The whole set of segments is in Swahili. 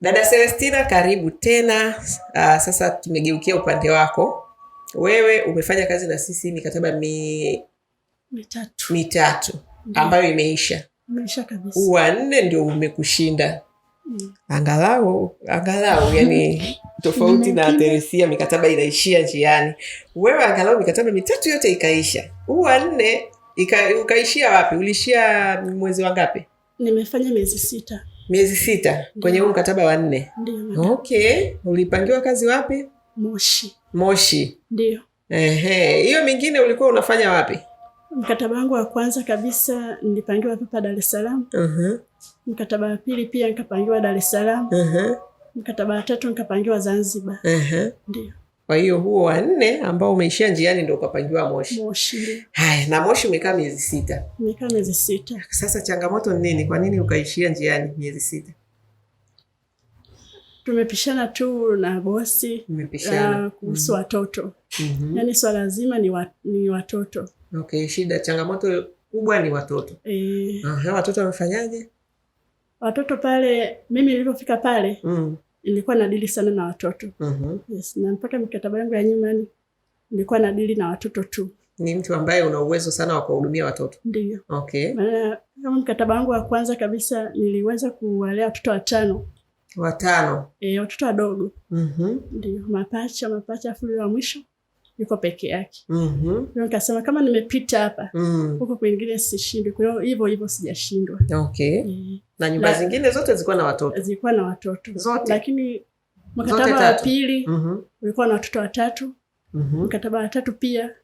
Dada Celestina, karibu tena. Aa, ah, sasa tumegeukia upande wako wewe. Umefanya kazi na sisi mikataba mi... mitatu, mitatu ambayo imeisha imeisha kabisa. Wanne ndio umekushinda mm. Angalau angalau yani tofauti na Teresia mikataba inaishia njiani, wewe angalau mikataba mitatu yote ikaisha. Huu wa nne ukaishia wapi? Uliishia mwezi wa ngapi? Nimefanya miezi sita miezi sita kwenye huu mkataba wa nne. Okay, ulipangiwa kazi wapi? Moshi. Moshi, ndio. Ehe, hiyo mingine ulikuwa unafanya wapi? Mkataba wangu wa kwanza kabisa nilipangiwa hapa Dar es Salaam. uh -huh. Mkataba wa pili pia nikapangiwa Dar es Salaam. uh -huh. Mkataba wa tatu nikapangiwa Zanzibar. uh -huh. Ndio. Kwa hiyo huo wa nne ambao umeishia njiani ndo ukapangiwa Moshi. Moshi. Hai, na Moshi umekaa miezi sita. Umekaa miezi sita. Sasa changamoto ni nini? Kwa nini ukaishia njiani miezi sita? Tumepishana tu na bosi uh, kuhusu mm-hmm. watoto, mm-hmm. Yani swala zima ni, wa, ni watoto. Okay, shida changamoto kubwa ni watoto e. uh, watoto wamefanyaje? Watoto pale mimi nilipofika pale mm na nadili sana na watoto uh mm-hmm. -huh. Yes, na mpaka mikataba yangu ya nyuma yani na nadili na watoto tu. Ni mtu ambaye una uwezo sana wa kuwahudumia watoto? Ndio. Okay. Maana kama mkataba wangu wa kwanza kabisa niliweza kuwalea watoto watano watano, e, watoto wadogo uh mm-hmm. -huh. Ndio mapacha mapacha, afu wa mwisho yuko peke yake. mm -hmm. Nikasema kama nimepita hapa mm. huko kwingine sishindwi, kwa hiyo hivyo hivyo sijashindwa. okay. mm. na nyumba zingine zote zilikuwa na watoto, zilikuwa na watoto zote, lakini mkataba wa pili mm -hmm. ulikuwa na watoto watatu. mm -hmm. mkataba wa tatu pia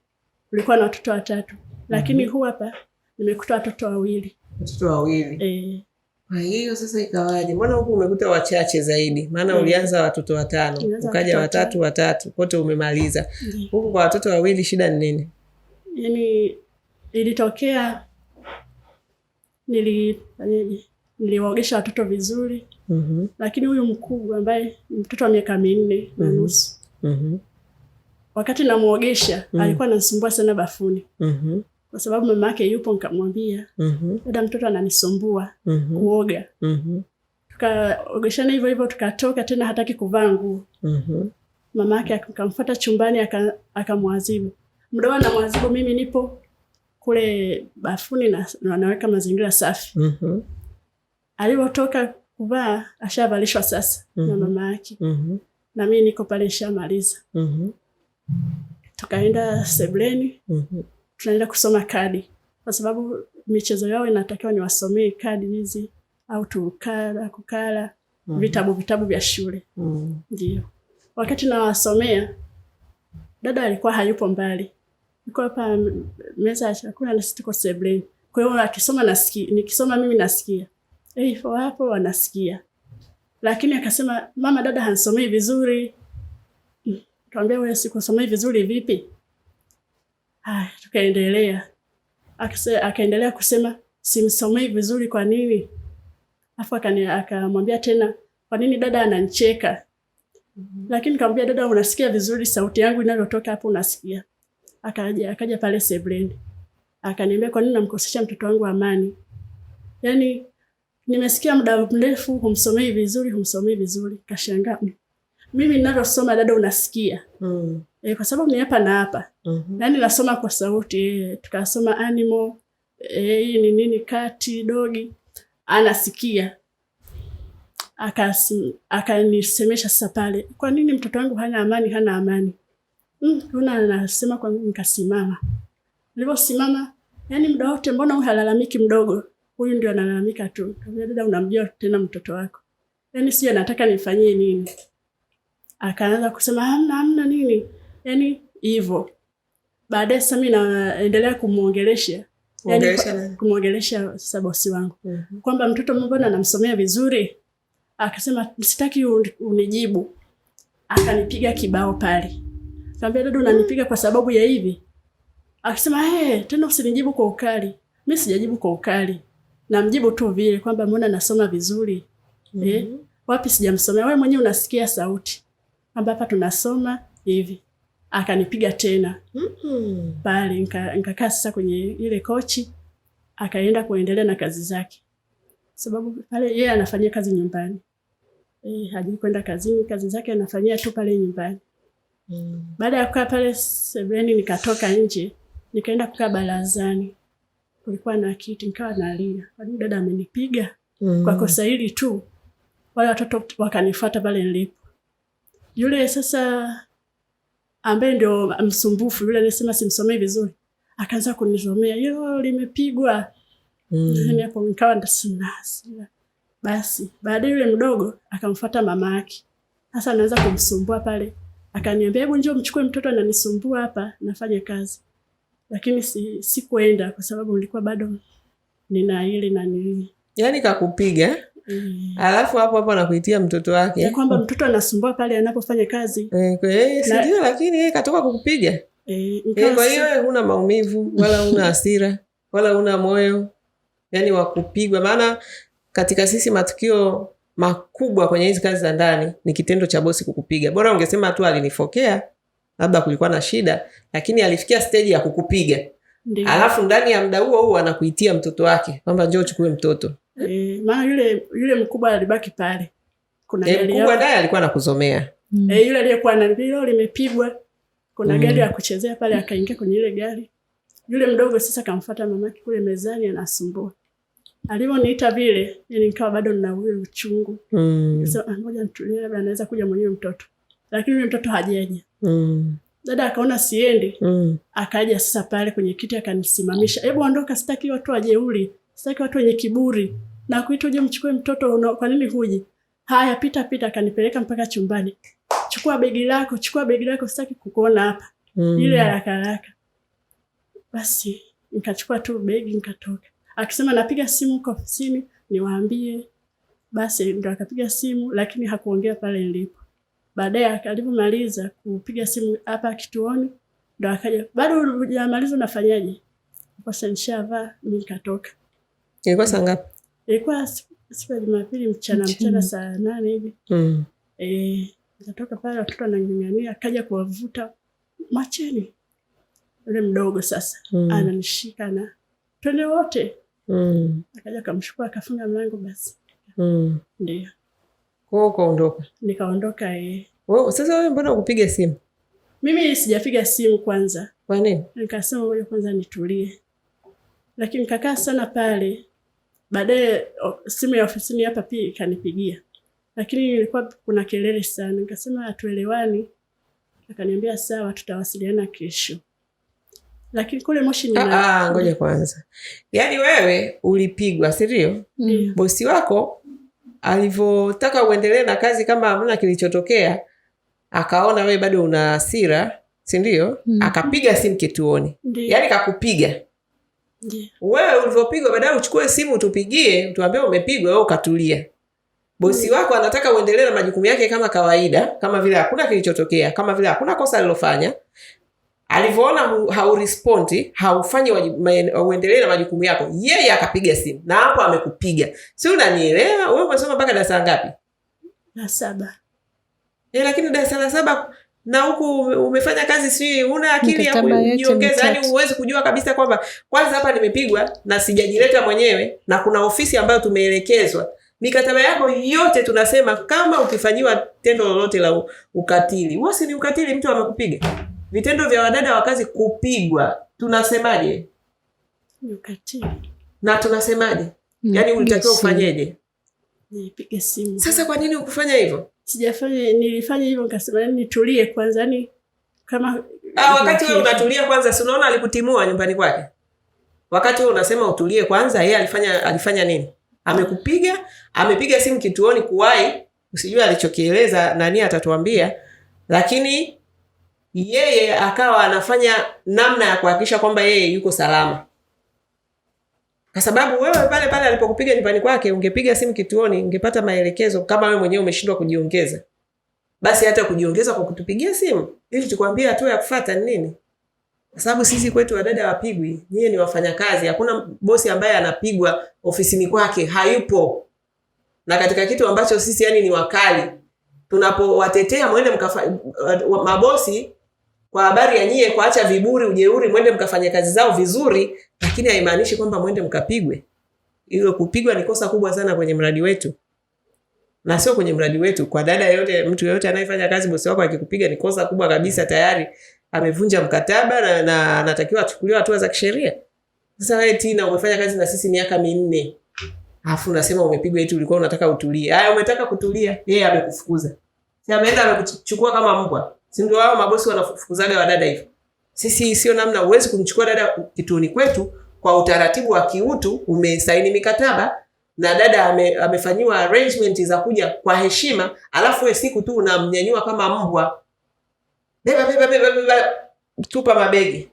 ulikuwa na watoto watatu, lakini mm -hmm. huu hapa nimekuta watoto wawili, watoto wawili eh. Kwa ah, hiyo sasa ikawaje? Mbona huku umekuta wachache zaidi? Maana mm. ulianza watoto watano ukaja watatu watatu, kote umemaliza huku mm. kwa watoto wawili, shida ni nini? Yani ilitokea nilifanyaje, niliwaogesha watoto vizuri mm -hmm. lakini huyu mkubwa ambaye mtoto wa miaka minne na mhm. nusu mm -hmm. wakati namwogesha mm -hmm. alikuwa anasumbua sana bafuni mm -hmm kwa sababu mama yake yupo, nikamwambia mm dada mtoto ananisumbua mm -hmm. kuoga mm -hmm. tukaogeshana hivyo hivyo, tukatoka tena, hataki kuvaa nguo mm -hmm. mama yake akamfuata chumbani, akamwazibu mdoa, anamwazibu mimi nipo kule bafuni na wanaweka mazingira safi mm -hmm. alivyotoka kuvaa ashavalishwa sasa mm -hmm. na mhm. mama yake mm -hmm. na mimi niko pale nishamaliza mm -hmm. tukaenda sebleni mm -hmm tunaenda kusoma kadi, kwa sababu michezo yao inatakiwa ni wasomee kadi hizi au tukala kukala mm. vitabu vitabu vya shule ndio mm. Ndio wakati nawasomea, dada alikuwa hayupo mbali, yuko hapa meza ya chakula na sisi tuko sebleni. Kwa hiyo akisoma nasikia, nikisoma mimi nasikia eh, hapo wanasikia, lakini akasema, mama, dada hansomei vizuri. Mm. Kaambia wewe sikusomei vizuri vipi? Ah, tukaendelea. Akaendelea kusema simsomei vizuri, kwa nini? Alafu akamwambia tena, kwa nini dada ananicheka? Mm-hmm. Lakini nikamwambia dada, unasikia vizuri sauti yangu inayotoka hapo, unasikia? Akaja akaja pale sebleni akaniambia, kwa nini namkosesha mtoto wangu amani? Yaani nimesikia muda mrefu humsomei vizuri, humsomei vizuri. Kashangaa mimi ninalosoma dada unasikia? Mm. E, kwa sababu ni hapa na hapa mm -hmm. Yaani nasoma kwa sauti e, tukasoma animal eh, hii e, ni nini kati dogi anasikia akanisemesha sasa pale, kwa nini mtoto wangu hana amani, hana amani mm, mbona? Mm, anasema kwa nini? Nikasimama, niliposimama, yani muda wote, mbona huyu halalamiki mdogo, huyu ndio analalamika tu. Dada, unamjua tena mtoto wako, yani sio, anataka nifanyie nini? Akaanza kusema hamna, hamna nini yani hivyo. Baadaye sasa mimi naendelea kumwongelesha yani, kumwongelesha sasa bosi wangu mm -hmm. kwamba mtoto mbona anamsomea vizuri, akasema sitaki unijibu, akanipiga kibao pale, kaambia dada, unanipiga kwa sababu ya hivi? Akasema hey, eh, tena usinijibu kwa ukali. Mimi sijajibu kwa ukali, namjibu tu vile kwamba mbona nasoma vizuri mm -hmm. eh, mhm. wapi sijamsomea, wewe mwenyewe unasikia sauti kwamba hapa tunasoma hivi akanipiga tena mm -hmm. Pale nikakaa sasa kwenye ile kochi, akaenda kuendelea na kazi zake, sababu pale yeye anafanyia kazi nyumbani e, hajui kwenda kazini, kazi zake anafanyia tu pale nyumbani mm. Baada ya kukaa pale sebuleni, nikatoka nje nikaenda kukaa barazani, kulikuwa na kiti, nikawa nalia, kwani dada amenipiga mm. kwa kosa hili tu. Wale watoto wakanifuata pale nilipo, yule sasa ambaye ndio msumbufu yule anasema simsomei vizuri, akaanza kunisomea yo limepigwa mm. yaani hapo, nikawa ndasinasia Basi baadaye yule mdogo akamfuata mama yake, sasa anaanza kumsumbua pale, akaniambia hebu njoo mchukue mtoto ananisumbua hapa, nafanya kazi. Lakini si sikuenda kwa sababu nilikuwa bado nina ile na yani kakupiga mm. Alafu hapo hapo anakuitia mtoto wake ya kwamba mtoto anasumbua pale anapofanya kazi e, e, si ndio? Lakini yeye katoka kukupiga eh, eh, kwa hiyo huna maumivu wala huna hasira wala huna moyo yani wa kupigwa, maana katika sisi matukio makubwa kwenye hizi kazi za ndani ni kitendo cha bosi kukupiga. Bora ungesema tu alinifokea, labda kulikuwa na shida, lakini alifikia steji ya kukupiga, alafu ndani ya muda huo huo anakuitia mtoto wake kwamba njoo uchukue mtoto. E, maana yule yule mkubwa alibaki pale. Kuna e, gari mkubwa naye alikuwa anakuzomea. Mm. Eh, yule aliyekuwa na ndilo limepigwa. Kuna mm. gari ya kuchezea pale akaingia kwenye ile gari. Yule mdogo sasa kamfuata mamake kule mezani anasumbua. Alivyoniita vile, yani nikawa bado nina ule uchungu. Mm. Sasa so, ah, ngoja nitulie labda anaweza kuja mwenyewe mtoto. Lakini yule mtoto hajaje. Mm. Dada akaona siendi. Mm. Akaja sasa pale kwenye kiti akanisimamisha. Hebu ondoka, sitaki watu wajeuri. Sitaki watu wenye kiburi na kuita uje mchukue mtoto una, kwa nini huji? Haya, pita pita. Akanipeleka mpaka chumbani, chukua begi lako, chukua begi lako, sitaki kukuona hapa. Mm. Ile haraka haraka, basi nikachukua tu begi nikatoka, akisema napiga simu huko ofisini niwaambie. Basi ndo akapiga simu, lakini hakuongea pale nilipo. Baadaye alivyomaliza kupiga simu hapa kituoni, ndo akaja, bado hujamaliza, unafanyaje? Kwa Kashanishavaa, mimi, nikatoka. Ilikuwa saa ngapi? ilikuwa siku ya Jumapili mchana mchana saa nane hivi mm. E, nikatoka pale watoto anang'ang'ania, akaja kuwavuta macheni. Yule mdogo sasa mm. ananishika na twende wote mm. akaja akamshukua akafunga mlango basi mm. ndio ukaondoka, nikaondoka. E, oh, sasa wewe mbona ukupiga simu? Mimi sijapiga simu kwanza. Kwa nini? Nikasema ngoja kwanza nitulie, lakini nikakaa sana pale Baadaye simu ya ofisini hapa pia ikanipigia, lakini ilikuwa kuna kelele sana. Nikasema hatuelewani, akaniambia sawa, tutawasiliana kesho. Lakini kule Moshi ah, ah, ngoja kwanza, yaani wewe ulipigwa, si ndio? Yeah. bosi wako alivyotaka uendelee na kazi kama hamna kilichotokea, akaona wewe bado una hasira, si ndio? Mm. akapiga simu kituoni, yaani kakupiga yeah. Wewe ulivyopigwa baadaye uchukue simu utupigie, tuambie umepigwa, we ukatulia. Bosi wako anataka uendelee na majukumu yake kama kawaida, kama vile hakuna kilichotokea, kama vile hakuna kosa alilofanya. Alivyoona haurespondi, haufanyi uendelee na majukumu yako, yeye akapiga simu, na hapo amekupiga. Si unanielewa? we umesoma mpaka darasa ngapi? La saba. E, lakini darasa la saba na huku umefanya kazi si una akili ya kujiongeza, yani huwezi kujua kabisa kwamba kwanza hapa nimepigwa na sijajileta mwenyewe, na kuna ofisi ambayo tumeelekezwa mikataba yako yote tunasema kama ukifanyiwa tendo lolote la ukatili, wasi ni ukatili, mtu amekupiga. Vitendo vya wadada wa kazi kupigwa, tunasemaje? Na tunasemaje? yani ulitakiwa ufanyeje? Sasa kwa nini ukufanya hivyo? sijafanya, nilifanya hivyo nikasema yaani nitulie kwanza, yani kama ah, wakati wewe unatulia kwanza, si unaona alikutimua nyumbani kwake. Wakati wewe unasema utulie kwanza, yeye alifanya alifanya nini? Amekupiga, amepiga simu kituoni kuwahi, usijue alichokieleza nani atatuambia, lakini yeye akawa anafanya namna ya kuhakikisha kwamba yeye yuko salama kwa sababu wewe pale pale alipokupiga nyumbani kwake, ungepiga simu kituoni, ungepata maelekezo. Kama wewe mwenyewe umeshindwa kujiongeza, basi hata kujiongeza kwa kutupigia simu ili tukwambie hatua ya kufata ni nini, kwa sababu sisi kwetu wadada wapigwi. Nyie ni wafanyakazi, hakuna bosi ambaye anapigwa ofisini kwake, hayupo. Na katika kitu ambacho sisi yani ni wakali, tunapowatetea mwende mkafa mabosi kwa habari ya nyie kuacha viburi, ujeuri, mwende mkafanya kazi zao vizuri, lakini haimaanishi kwamba mwende mkapigwe. Hilo kupigwa ni kosa kubwa sana kwenye mradi wetu, na sio kwenye mradi wetu, kwa dada yote, mtu yote anayefanya kazi, bosi wako akikupiga ni kosa kubwa kabisa, tayari amevunja mkataba na, na anatakiwa achukuliwe hatua za kisheria. Sasa wewe Tina, umefanya kazi na sisi miaka minne, alafu unasema umepigwa, eti ulikuwa unataka utulie? Haya, umetaka kutulia, yeye amekufukuza, si ameenda amekuchukua kama mbwa Si ndio Wao mabosi wanafukuzaga wadada hivyo? Sisi sio namna, huwezi kumchukua dada kituoni kwetu kwa utaratibu wa kiutu. Umesaini mikataba na dada ame, amefanyiwa arrangement za kuja kwa heshima, alafu wewe siku tu unamnyanyua kama mbwa, beba beba beba beba, tupa mabegi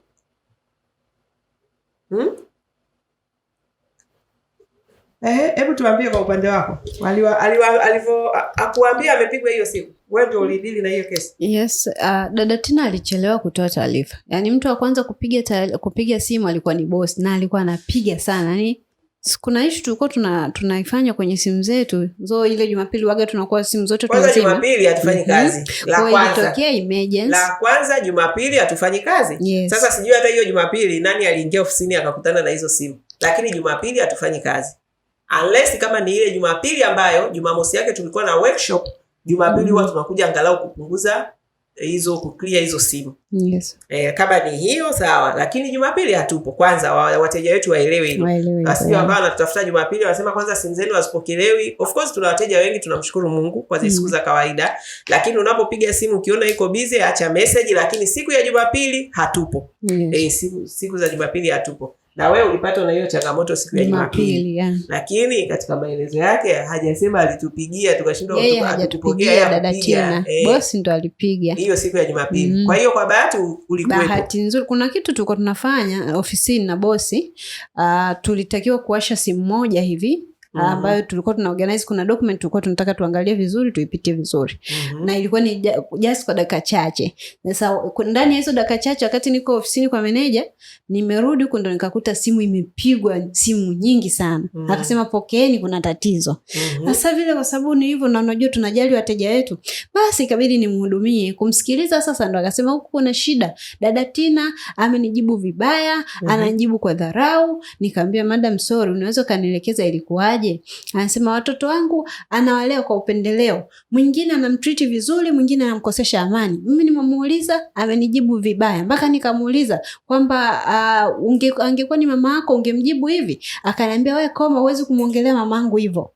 hmm? Ehe, hebu tuambie kwa upande wako, aliwa, aliwa, alivyo akuambia amepigwa hiyo siku wewe ulidili na hiyo kesi? Yes, uh, dada Tina alichelewa kutoa taarifa. Yaani mtu wa kwanza kupiga kupiga simu alikuwa ni boss na alikuwa anapiga sana. ni yaani, kuna issue tulikuwa tuna tunaifanya kwenye simu zetu. zo ile Jumapili waga tunakuwa simu zote tunazima. Kwanza Jumapili hatufanyi mm-hmm. kazi. Mm-hmm. La kwanza. Ilitokea emergency. La kwanza Jumapili hatufanyi kazi. Yes. Sasa sijui hata hiyo Jumapili nani aliingia ofisini akakutana na hizo simu. Lakini Jumapili hatufanyi kazi. Unless kama ni ile Jumapili ambayo Jumamosi yake tulikuwa na workshop Jumapili huwa tunakuja angalau kupunguza hizo kuclear hizo simu. Yes. E, kama ni hiyo sawa, lakini Jumapili hatupo. Kwanza wateja wetu waelewe hilo, wasije ambao wanatutafuta Jumapili wanasema kwanza simu zenu hazipokelewi. Of course tuna wateja wengi, tunamshukuru Mungu kwa zile mm. siku za kawaida, lakini unapopiga simu ukiona iko busy, acha message, lakini siku ya Jumapili hatupo. Yes. E, siku, siku za Jumapili hatupo na wewe ulipatwa na hiyo changamoto siku ya Jumapili, lakini katika maelezo yake hajasema alitupigia tukashindwa kutupokea. Dada Tina eh. bosi ndo alipiga hiyo siku ya Jumapili mm. Kwa hiyo kwa bahati ulikuwepo, bahati nzuri. Kuna kitu tulikuwa tunafanya ofisini na bosi uh, tulitakiwa kuwasha simu moja hivi mm -hmm. ambayo tulikuwa tuna organize, kuna document tulikuwa tunataka tuangalie vizuri, tuipitie vizuri mm -hmm. na ilikuwa ni just kwa dakika chache. Sasa ndani ya hizo dakika chache, wakati niko ofisini kwa meneja, nimerudi huko ndo nikakuta simu imepigwa, simu nyingi sana mm -hmm. akasema, pokeeni, kuna tatizo mhm. sasa. mm -hmm. vile kwa sababu ni hivyo, na unajua tunajali wateja wetu, basi ikabidi nimhudumie, kumsikiliza. Sasa ndo akasema, huku kuna shida, dada Tina amenijibu vibaya, mm -hmm. ananijibu kwa dharau. Nikaambia madam, sorry, unaweza ukanielekeza ilikuwaje? anasemaje? Anasema watoto wangu anawalea kwa upendeleo, mwingine anamtriti vizuri, mwingine anamkosesha amani. Mimi nimemuuliza amenijibu vibaya, mpaka nikamuuliza kwamba uh, unge, angekuwa ni mama yako ungemjibu hivi? Akaniambia we koma, huwezi kumwongelea mamaangu hivyo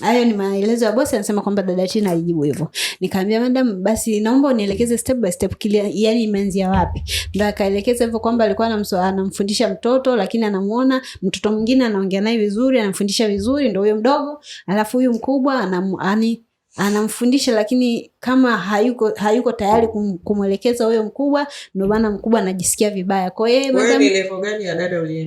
hayo ni maelezo ya bosi, anasema kwamba dada china alijibu hivyo. Nikaambia madam, basi naomba unielekeze step by step kile, yani imeanzia wapi. ndo akaelekeza hivyo kwamba alikuwa anamfundisha mtoto, lakini anamuona mtoto mwingine anaongea naye vizuri, anamfundisha vizuri, ndo huyo mdogo, alafu huyu mkubwa anam, ani, anamfundisha lakini kama hayuko hayuko tayari kum, kumwelekeza huyo mkubwa, ndo maana mkubwa anajisikia vibaya. Kwa yeye madam, ah,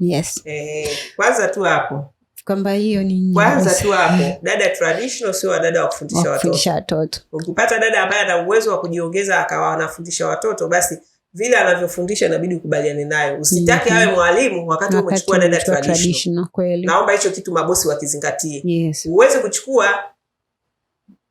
Yes. Eh, kwanza tu hapo kwamba hiyo ni kwanza tu hapo, dada traditional sio wadada wa kufundisha watoto. Watoto ukipata dada ambaye ana uwezo wa kujiongeza akawa anafundisha watoto, basi vile anavyofundisha inabidi ukubaliane naye usitaki mm-hmm. awe mwalimu wakati umechukua dada traditional. Kweli naomba hicho kitu mabosi wakizingatie. Yes. Uweze kuchukua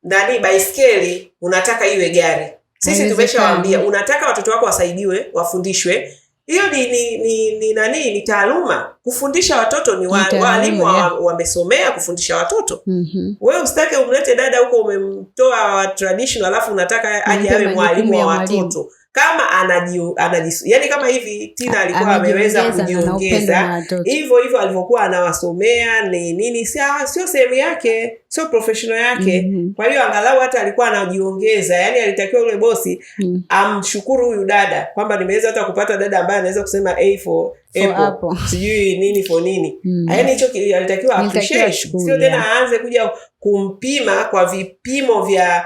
ndani baiskeli, unataka iwe gari. Sisi tumeshawaambia unataka watoto wako wasaidiwe, wafundishwe. Hiyo ni, ni, ni, ni nani ni taaluma kufundisha watoto ni wa, walimu wamesomea wa kufundisha watoto mm -hmm. Wewe usitake umlete dada huko umemtoa tradition alafu unataka aje awe mwalimu wa watoto kama anajiu, yani kama hivi Tina alikuwa ameweza kujiongeza hivyo hivyo alivyokuwa anawasomea ni nini, ah, sio sehemu yake, sio professional yake mm -hmm. Kwa hiyo angalau hata alikuwa anajiongeza, yani alitakiwa yule bosi mm -hmm. amshukuru huyu dada kwamba nimeweza hata kupata dada ambaye anaweza kusema A for hapo sijui nini fo nini mm. Yaani hicho alitakiwa sio tena aanze kuja kumpima kwa vipimo vya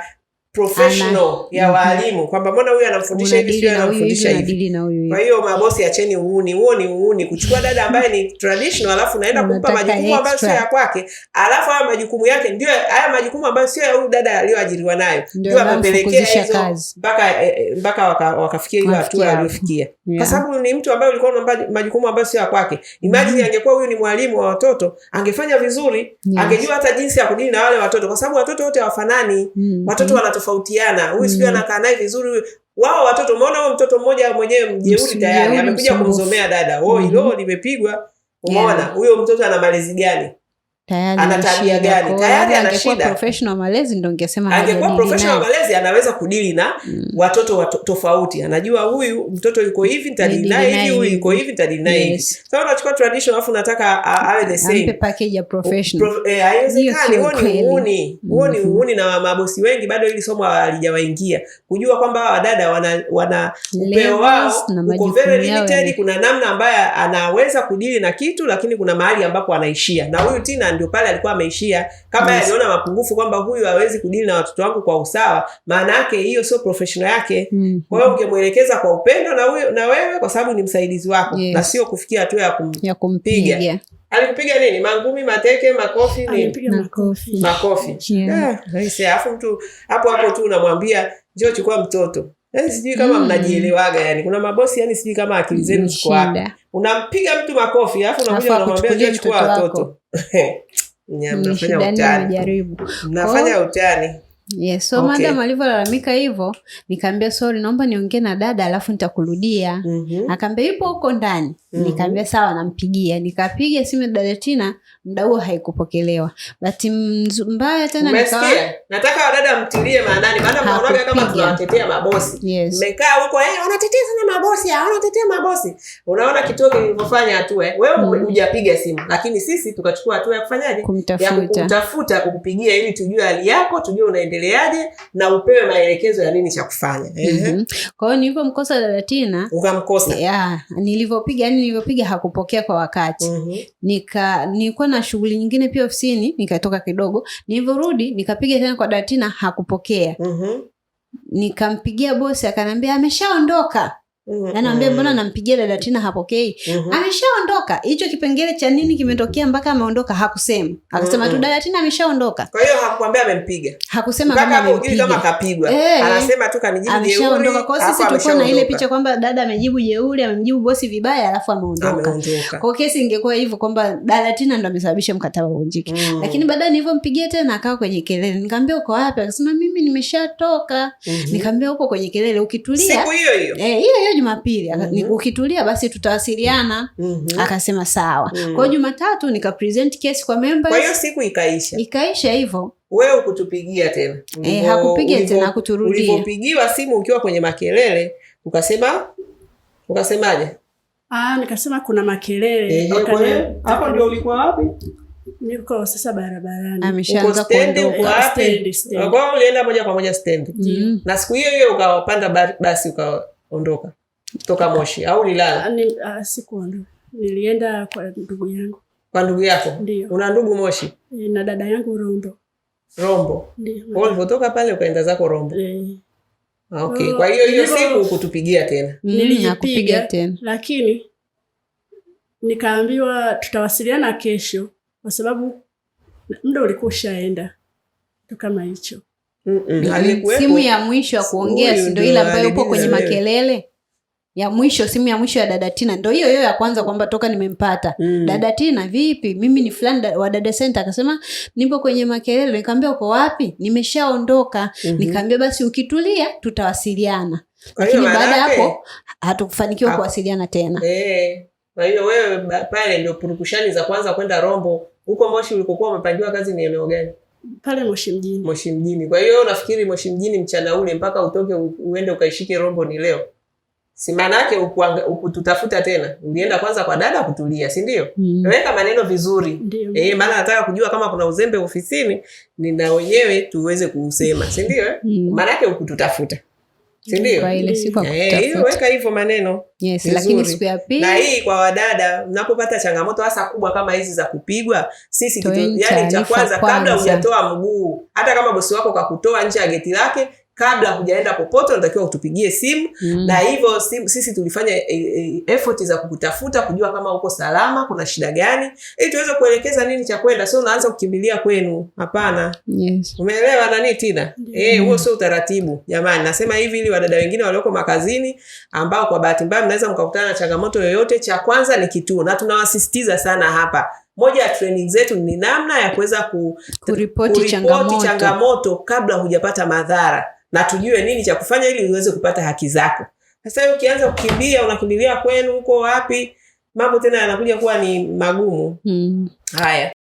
professional Ana. ya mhm. waalimu kwamba mbona huyu anamfundisha hivi sio anamfundisha hivi. Kwa hiyo mabosi, acheni uuni huo, ni uuni kuchukua dada ambaye ni traditional, alafu naenda kumpa majukumu ambayo sio ya kwake, alafu haya majukumu yake ndio haya majukumu ambayo sio ya huyu dada aliyoajiriwa nayo ndio amepelekea hizo mpaka eh, eh, mpaka wakafikia hiyo hatua aliyofikia, kwa sababu ni mtu ambaye ulikuwa unampa majukumu ambayo sio ya kwake. Imagine mm-hmm. angekuwa huyu ni mwalimu wa watoto, angefanya vizuri, angejua hata jinsi ya kudili na wale watoto, kwa sababu watoto wote hawafanani, mm-hmm. watoto wana wanatofautiana, huyu sijui anakaa naye vizuri wao watoto. Umeona huyo mtoto mmoja mwenyewe mjeuri tayari amekuja kumzomea dada, oh hilo limepigwa. Umeona huyo mtoto ana malezi gani? ana tabia gani tayari, ana shida. Professional malezi ndio ningesema, angekuwa professional malezi anaweza kudili na mm. watoto tofauti. Anajua huyu mtoto yuko hivi nitadili naye hivi, huyu yuko hivi nitadili naye hivi. Sasa unachukua traditional nataka awe the same, ampe package ya professional. Eh, haiwezekani, huo ni uuni, huo ni na mabosi wengi bado hili somo halijawaingia kujua kwamba wadada wana, wana upeo wao uko very limited. Kuna namna ambaye anaweza kudili na kitu, lakini kuna mahali ambapo anaishia na huyu tina ndio pale alikuwa ameishia. Kama yes. aliona mapungufu kwamba huyu hawezi kudili na watoto wangu kwa usawa, maana yake hiyo sio professional yake. mm-hmm. Kwa hiyo ungemwelekeza kwa upendo na, huyo, na wewe kwa sababu ni msaidizi wako yes. na sio kufikia hatua ya, kum, ya kumpiga Alimpiga nini? Mangumi, mateke, makofi? makofi, makofi. Eh, Afu mtu hapo hapo tu unamwambia njio chukua mtoto yani eh, sijui kama mm. mnajielewaga yani, kuna mabosi yani sijui kama akili zenu ziko wapi. Unampiga mtu makofi alafu unakuja unamwambia chukua watoto. mnafanya utani, mnafanya utani. Yes, so okay. Madam alivyolalamika hivyo, nikaambia sorry, naomba niongee na dada alafu nitakurudia. mm -hmm. Akaambia yupo huko ndani. mm -hmm. Nikaambia sawa, nampigia. Nikapiga simu ya dada Tina, muda huo haikupokelewa. Bahati mbaya tena nikawa nataka wadada mtilie maanani, maana mnaonaga kama tunawatetea mabosi. Yes. Mmekaa huko eh, unatetea sana mabosi, unatetea mabosi. Unaona kituo kilivyofanya hatua eh. Wewe mm. hujapiga simu, lakini sisi tukachukua hatua ya kufanyaje? Ya kumtafuta, kukupigia ili tujue hali yako, tujue unaendelea unaendeleaje na upewe maelekezo ya nini cha kufanya. Mm-hmm. Kwa hiyo nilivyomkosa dada Tina, ukamkosa. Yeah, nilivyopiga yani nilivyopiga hakupokea kwa wakati. Mm-hmm. Nika nilikuwa na shughuli nyingine pia ofisini, nikatoka kidogo. Nilivyorudi nikapiga tena kwa dada hakupokea. Mm-hmm. Nikampigia bosi akanaambia ameshaondoka mm -hmm. mbona nampigia dada Tina hapokei? mm -hmm. Ameshaondoka, hicho kipengele cha nini kimetokea mpaka ameondoka? Hakusema, akasema mm -hmm. tu mm-hmm. dada Tina ameshaondoka. Kwa hiyo hakuambia amempiga, hakusema kama amempiga, kama kapigwa eh, anasema tu kanijibu jeuri, ameshaondoka. Kwa sisi tulikuwa na ile picha kwamba dada amejibu jeuri, amemjibu bosi vibaya, alafu ameondoka. Kwa kesi ingekuwa hivyo kwamba dada Tina ndo amesababisha mkataba uvunjike, mm. lakini baadaye nilivyompigia tena akawa kwenye kelele, nikamwambia uko wapi? Akasema mimi nimeshatoka. mm -hmm. Nikamwambia uko kwenye kelele, ukitulia siku hiyo hiyo eh, hiyo hiyo Jumapili mm -hmm. ukitulia basi tutawasiliana mm -hmm. akasema sawa mm -hmm. kwao Jumatatu nika kesi kwa members. Kwa hiyo siku ikaisha, ikaisha hivyo wewe ukutupigia tena e, hakupigia tena, kuturudia. Ulipopigiwa simu ukiwa kwenye makelele ukasema ukasemaje? Ah, nikasema kuna makelele. Eh, Hapo ndio ulikuwa wapi? Niko sasa barabarani. Ameshaanza kuondoka. Ulienda moja kwa moja stendi, mm-hmm. na siku hiyo hiyo ukawapanda basi ukaondoka toka Moshi au nilala? Ah, ah, Sikuondoka, nilienda kwa ndugu yangu. Kwa ndugu yako? Ndio. Una ndugu Moshi? Eh, na dada yangu Rombo. Rombo? Ndio. Ulivotoka pale ukaenda zako Rombo? E. Okay. Kwa hiyo hiyo siku kutupigia tena? Mm, Nilijipiga tena, lakini nikaambiwa tutawasiliana kesho, kwa sababu muda ulikuwa ushaenda kitu kama hicho. Mm -mm. Simu ya mwisho ya kuongea si ndio ile ambayo upo kwenye makelele ya mwisho, simu ya mwisho ya dada Tina ndio hiyo hiyo ya kwanza, kwamba toka nimempata mm. dada Tina, vipi, mimi ni fulani wa dada center. Akasema nipo kwenye makelele. nikaambia uko wapi? Nimeshaondoka. mm -hmm. nikaambia basi ukitulia tutawasiliana, lakini baada ya hapo hatukufanikiwa ah. kuwasiliana tena. Eh. kwa hiyo wewe pale ndio purukushani za kwanza kwenda Rombo. Huko Moshi ulikokuwa umepangiwa kazi ni eneo gani? Pale Moshi mjini. Moshi mjini. Kwa hiyo unafikiri Moshi mjini mchana ule mpaka utoke uende ukaishike Rombo ni leo? si maana yake ukututafuta tena, ulienda kwanza kwa dada kutulia, si ndio? Mm. Weka maneno vizuri eh, maana nataka kujua kama kuna uzembe ofisini, nina wenyewe tuweze kuusema, si ndio? Eh? Mm. Maana yake ukututafuta si mm. ndio? Eh, weka hivyo maneno yes, lakini siku ya pili. Na hii kwa wadada, mnapopata changamoto hasa kubwa kama hizi za kupigwa, sisi kitu yani cha kwanza, kabla hujatoa mguu, hata kama bosi wako kakutoa nje ya geti lake kabla hujaenda popote, unatakiwa utupigie simu mm. na hivyo sisi tulifanya e, e, effort za kukutafuta kujua kama uko salama, kuna shida gani, ili e, tuweze kuelekeza nini cha kwenda. Sio unaanza kukimbilia kwenu, hapana. Yes. Umeelewa nani Tina? mm. Eh, huo sio utaratibu jamani. Nasema hivi ili wadada wengine walioko makazini ambao kwa bahati mbaya mnaweza mkakutana na changamoto yoyote, cha kwanza ni kituo, na tunawasisitiza sana hapa moja ya training zetu ni namna ya kuweza ku, kuripoti changamoto, changamoto kabla hujapata madhara na tujue nini cha kufanya ili uweze kupata haki zako. Sasa ukianza kukimbia, unakimbilia kwenu huko wapi, mambo tena yanakuja kuwa ni magumu. Hmm. Haya,